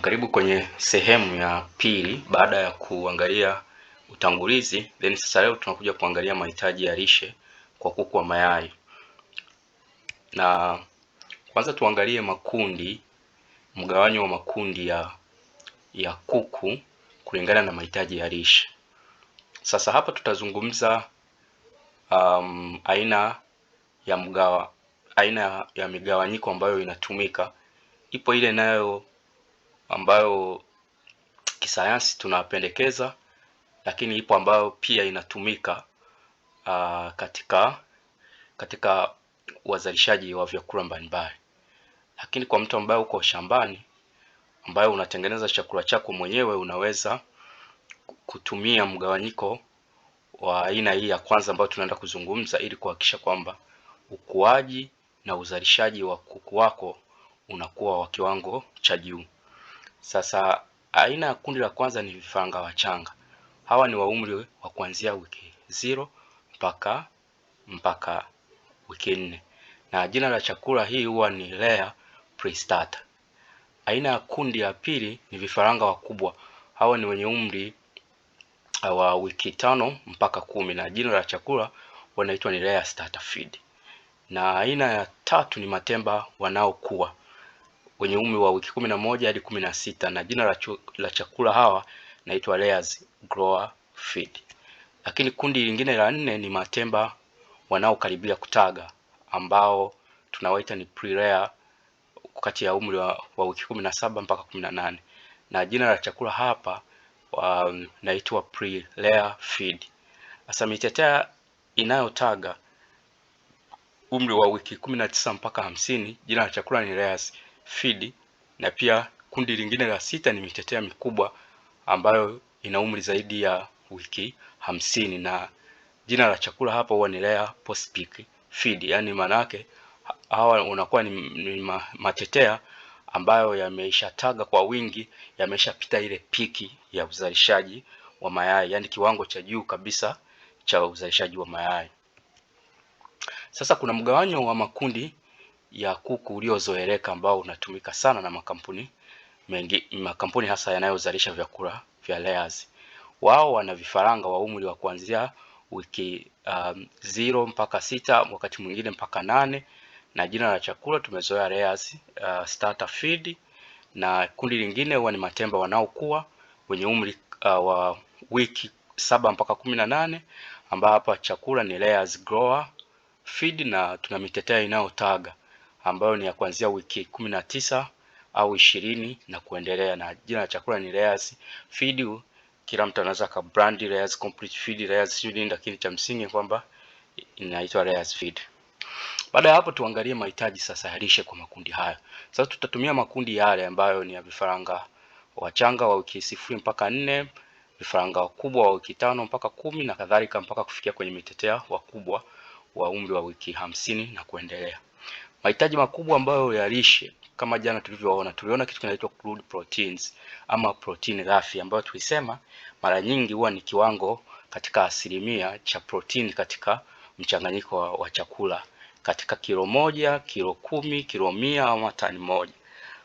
karibu kwenye sehemu ya pili baada ya kuangalia utangulizi, then sasa leo tunakuja kuangalia mahitaji ya lishe kwa kuku wa mayai. Na kwanza tuangalie makundi, mgawanyo wa makundi ya ya kuku kulingana na mahitaji ya lishe. Sasa hapa tutazungumza um, aina ya mgawa, aina ya migawanyiko ambayo inatumika. Ipo ile nayo ambayo kisayansi tunapendekeza, lakini ipo ambayo pia inatumika uh, katika katika wazalishaji wa vyakula mbalimbali. Lakini kwa mtu ambaye uko shambani, ambaye unatengeneza chakula chako mwenyewe, unaweza kutumia mgawanyiko wa aina hii ya kwanza ambayo tunaenda kuzungumza, ili kuhakikisha kwamba ukuaji na uzalishaji wa kuku wako unakuwa wa kiwango cha juu. Sasa aina ya kundi la kwanza ni vifaranga wachanga. Hawa ni wa umri wa kuanzia wiki zero mpaka mpaka wiki nne, na jina la chakula hii huwa ni layer pre-starter. Aina ya kundi ya pili ni vifaranga wakubwa. Hawa ni wenye umri uh, wa wiki tano mpaka kumi, na jina la chakula wanaitwa ni layer starter feed. Na aina ya tatu ni matemba wanaokuwa wenye umri wa wiki kumi na moja hadi kumi na sita na jina la, la chakula hawa naitwa layers grower feed. Lakini kundi lingine la nne ni matemba wanaokaribia kutaga ambao tunawaita ni pre-layer kati ya umri wa, wa wiki kumi na saba mpaka kumi na nane na jina la chakula hapa um, naitwa pre-layer feed. Sasa mitetea inayotaga umri wa wiki kumi na tisa mpaka hamsini jina la chakula ni layers Fidi na pia kundi lingine la sita ni mitetea mikubwa ambayo ina umri zaidi ya wiki hamsini na jina la chakula hapa huwa ni layer postpic feed, yani maana yake hawa unakuwa ni, ni matetea ambayo yameishataga kwa wingi, yameshapita ile piki ya uzalishaji wa mayai, yani kiwango cha juu kabisa cha uzalishaji wa mayai. Sasa kuna mgawanyo wa makundi ya kuku uliozoeleka ambao unatumika sana na makampuni mengi, makampuni hasa yanayozalisha vyakula vya layers. Wao wana vifaranga wa umri wa kuanzia wiki um, zero mpaka sita, wakati mwingine mpaka nane, na jina la chakula tumezoea layers, uh, starter feed, na kundi lingine huwa ni matemba wanaokuwa wenye umri uh, wa wiki saba mpaka kumi na nane ambao chakula ni layers grower feed na tuna mitetea inayotaga ambayo ni ya kuanzia wiki kumi na tisa au ishirini na kuendelea, na jina la chakula ni layers feed. Kila mtu anaweza ka brand layers complete feed, layers feed, lakini cha msingi kwamba inaitwa layers feed. Baada ya hapo tuangalie mahitaji sasa ya lishe kwa makundi hayo. Sasa tutatumia makundi yale ambayo ni ya vifaranga wachanga wa wiki sifuri mpaka nne, vifaranga wakubwa wa wiki tano mpaka kumi na kadhalika mpaka kufikia kwenye mitetea wakubwa wa umri wa wiki hamsini na kuendelea. Mahitaji makubwa ambayo ya lishe kama jana tulivyoona, tuliona kitu kinaitwa crude proteins ama protein ghafi ambayo tulisema mara nyingi huwa ni kiwango katika asilimia cha protein katika mchanganyiko wa, wa chakula katika kilo moja, kilo kumi, kilo mia ama tani moja.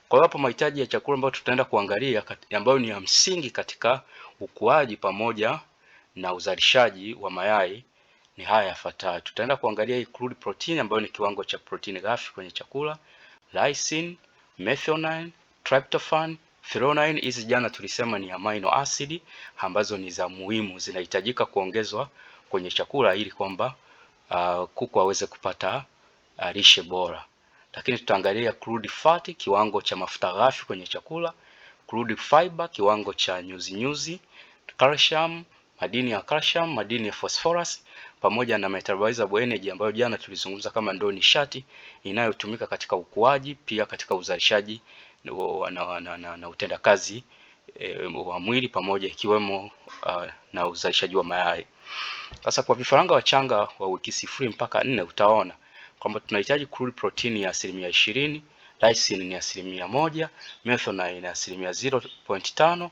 Kwa hiyo hapo mahitaji ya chakula ambayo tutaenda kuangalia ambayo ni ya msingi katika ukuaji pamoja na uzalishaji wa mayai ni haya yafuatayo. Tutaenda kuangalia hii crude protein ambayo ni kiwango cha protein ghafi kwenye chakula, lysine, methionine, tryptophan, threonine. hizi jana tulisema ni amino acid ambazo ni za muhimu zinahitajika kuongezwa kwenye chakula ili kwamba uh, kuku aweze kupata uh, lishe bora. Lakini tutaangalia crude fat, kiwango cha mafuta ghafi kwenye chakula, crude fiber, kiwango cha nyuzi nyuzi, calcium, madini ya calcium, madini ya phosphorus pamoja na metabolizable energy ambayo jana tulizungumza kama ndio nishati inayotumika katika ukuaji, pia katika uzalishaji na, na, na, na, na utendakazi e, wa mwili pamoja ikiwemo uh, na uzalishaji wa mayai. Sasa kwa vifaranga wachanga wa wiki sifuri mpaka nne utaona kwamba tunahitaji crude protein ya asilimia ishirini, lysine ni asilimia moja, methionine ni asilimia 0.5, uh,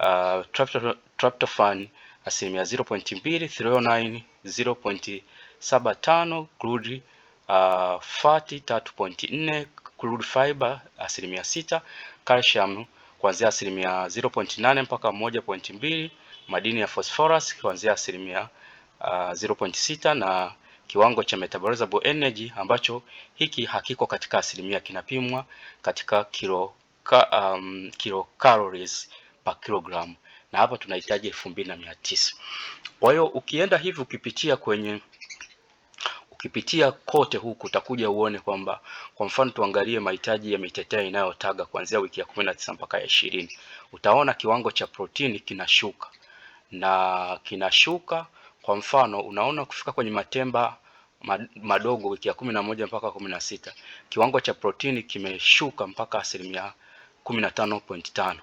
ah, tryptophan asilimia 0.2, 309.75, crude uh, fati 3.4, crude fiber asilimia 6, calcium kuanzia asilimia 0.8 mpaka 1.2, madini ya phosphorus kuanzia asilimia uh, 0.6 na kiwango cha metabolizable energy ambacho hiki hakiko katika asilimia, kinapimwa katika kilo, ka, um, kilo calories per kilogramu na hapa tunahitaji elfu mbili na mia tisa. Kwa hiyo ukienda hivi ukipitia kwenye ukipitia kote huku utakuja uone kwamba kwa mfano tuangalie mahitaji ya mitetea inayotaga kuanzia wiki ya 19 mpaka ya ishirini. Utaona kiwango cha protini kinashuka na kinashuka kwa mfano unaona kufika kwenye matemba madogo wiki ya kumi na moja mpaka kumi na sita kiwango cha protini kimeshuka mpaka asilimia kumi na tano tano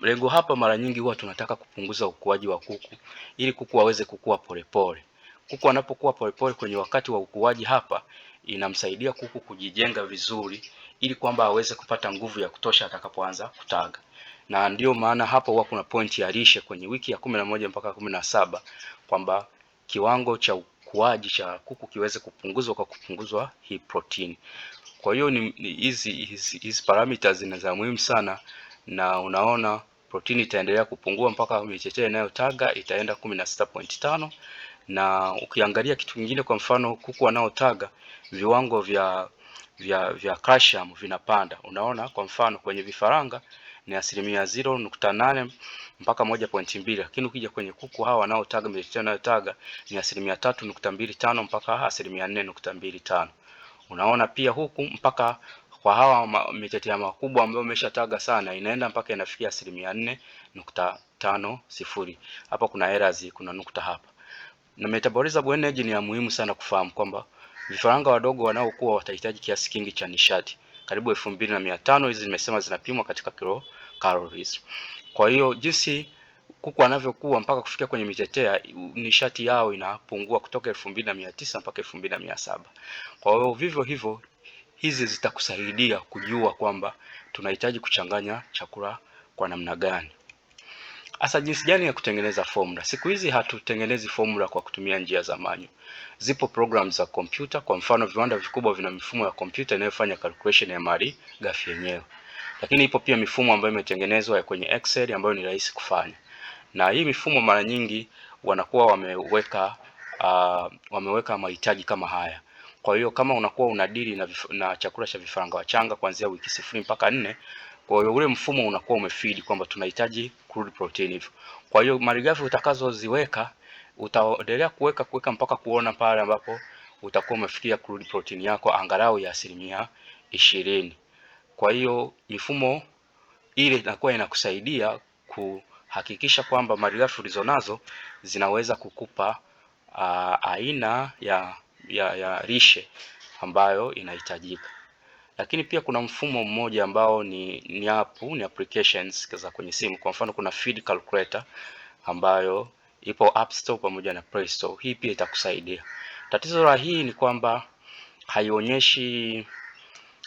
Lengo hapa mara nyingi huwa tunataka kupunguza ukuaji wa kuku ili kuku waweze kukua polepole. Kuku anapokuwa polepole kwenye wakati wa ukuaji, hapa inamsaidia kuku kujijenga vizuri, ili kwamba aweze kupata nguvu ya kutosha atakapoanza kutaga, na ndiyo maana hapo huwa kuna pointi ya lishe kwenye wiki ya kumi na moja mpaka kumi na saba kwamba kiwango cha ukuaji cha kuku kiweze kupunguzwa kwa kupunguzwa hii protini. Kwa hiyo hizi hizi parameters ni za muhimu sana na unaona protini itaendelea kupungua mpaka michechee inayotaga itaenda 16.5 na ukiangalia kitu kingine, kwa mfano kuku wanaotaga viwango vya vya vya calcium vinapanda. Unaona, kwa mfano kwenye vifaranga ni asilimia 0.8 mpaka 1.2, lakini ukija kwenye kuku hawa wanaotaga michechee inayotaga ni asilimia 3.25 mpaka asilimia 4.25. Unaona pia huku mpaka kwa hawa mitetea makubwa ambayo umeshataga sana inaenda mpaka inafikia asilimia nne nukta tano sifuri. Hapa kuna errors, kuna nukta hapa. Na metabolism of energy ni ya muhimu sana kufahamu kwamba vifaranga wadogo wanaokuwa watahitaji kiasi kingi cha nishati karibu elfu mbili na mia tano. Hizi nimesema zinapimwa katika kilo calories. Kwa hiyo jinsi kuku anavyokuwa mpaka kufikia kwenye mitetea, nishati yao inapungua kutoka elfu mbili na mia tisa mpaka elfu mbili na mia saba. Kwa hiyo vivyo hivyo hizi zitakusaidia kujua kwamba tunahitaji kuchanganya chakula kwa namna gani. Hasa jinsi gani ya kutengeneza formula. Siku hizi hatutengenezi formula kwa kutumia njia za manyo. Zipo programs za kompyuta, kwa mfano viwanda vikubwa vina mifumo ya kompyuta inayofanya calculation ya ghafi yenyewe, lakini ipo pia mifumo ambayo imetengenezwa kwenye Excel ambayo ni rahisi kufanya, na hii mifumo mara nyingi wanakuwa wameweka uh, wameweka mahitaji kama haya kwa hiyo kama unakuwa unadili na, na chakula cha vifaranga wachanga kuanzia wiki sifuri mpaka nne, kwa hiyo ule mfumo unakuwa umefeed kwamba tunahitaji crude protein hivyo. Kwa hiyo malighafi utakazoziweka utaendelea kuweka kuweka mpaka kuona pale ambapo utakuwa umefikia crude protein yako angalau ya asilimia ishirini. Kwa hiyo mifumo ile inakuwa inakusaidia kuhakikisha kwamba malighafi ulizonazo zinaweza kukupa uh, aina ya ya, ya lishe ambayo inahitajika. Lakini pia kuna mfumo mmoja ambao ni ni app, ni applications za kwenye simu. Kwa mfano kuna feed calculator ambayo ipo App Store pamoja na Play Store. Hii pia itakusaidia. Tatizo la hii ni kwamba haionyeshi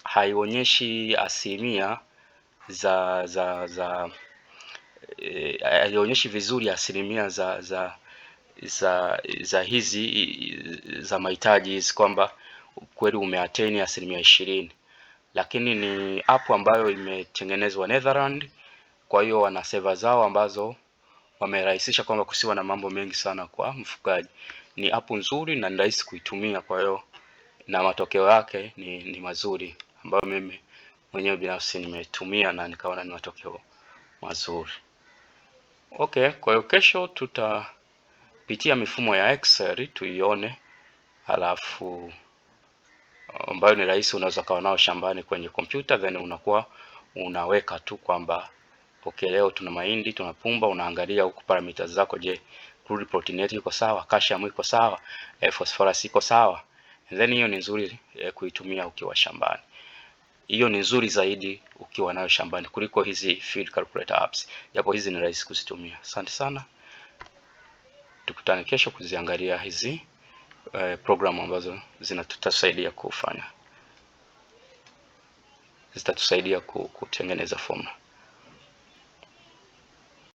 haionyeshi asilimia za za za eh, haionyeshi vizuri asilimia za za za za hizi za mahitaji hizi kwamba kweli umeateni asilimia ishirini, lakini ni app ambayo imetengenezwa Netherland. Kwa hiyo wana seva zao ambazo wamerahisisha kwamba kusiwa na mambo mengi sana kwa mfugaji. Ni app nzuri na ni rahisi kuitumia, kwa hiyo na matokeo yake ni, ni mazuri ambayo mimi mwenyewe binafsi nimetumia na nikaona ni matokeo mazuri. Okay, kwa hiyo kesho tuta Pitia mifumo ya Excel tuione, halafu ambayo ni rahisi, unaweza kawa nao shambani kwenye kompyuta, then unakuwa unaweka tu kwamba okay, leo tuna mahindi, tuna pumba, unaangalia huku parameters zako. Je, crude protein yetu iko sawa? Calcium iko sawa? E, phosphorus iko sawa? And then hiyo ni nzuri e, kuitumia ukiwa shambani. Hiyo ni nzuri zaidi ukiwa nayo shambani kuliko hizi field calculator apps, japo hizi ni rahisi kuzitumia. Asante sana tukutane kesho kuziangalia hizi eh, programu ambazo zinatutasaidia kufanya zitatusaidia kutengeneza formula.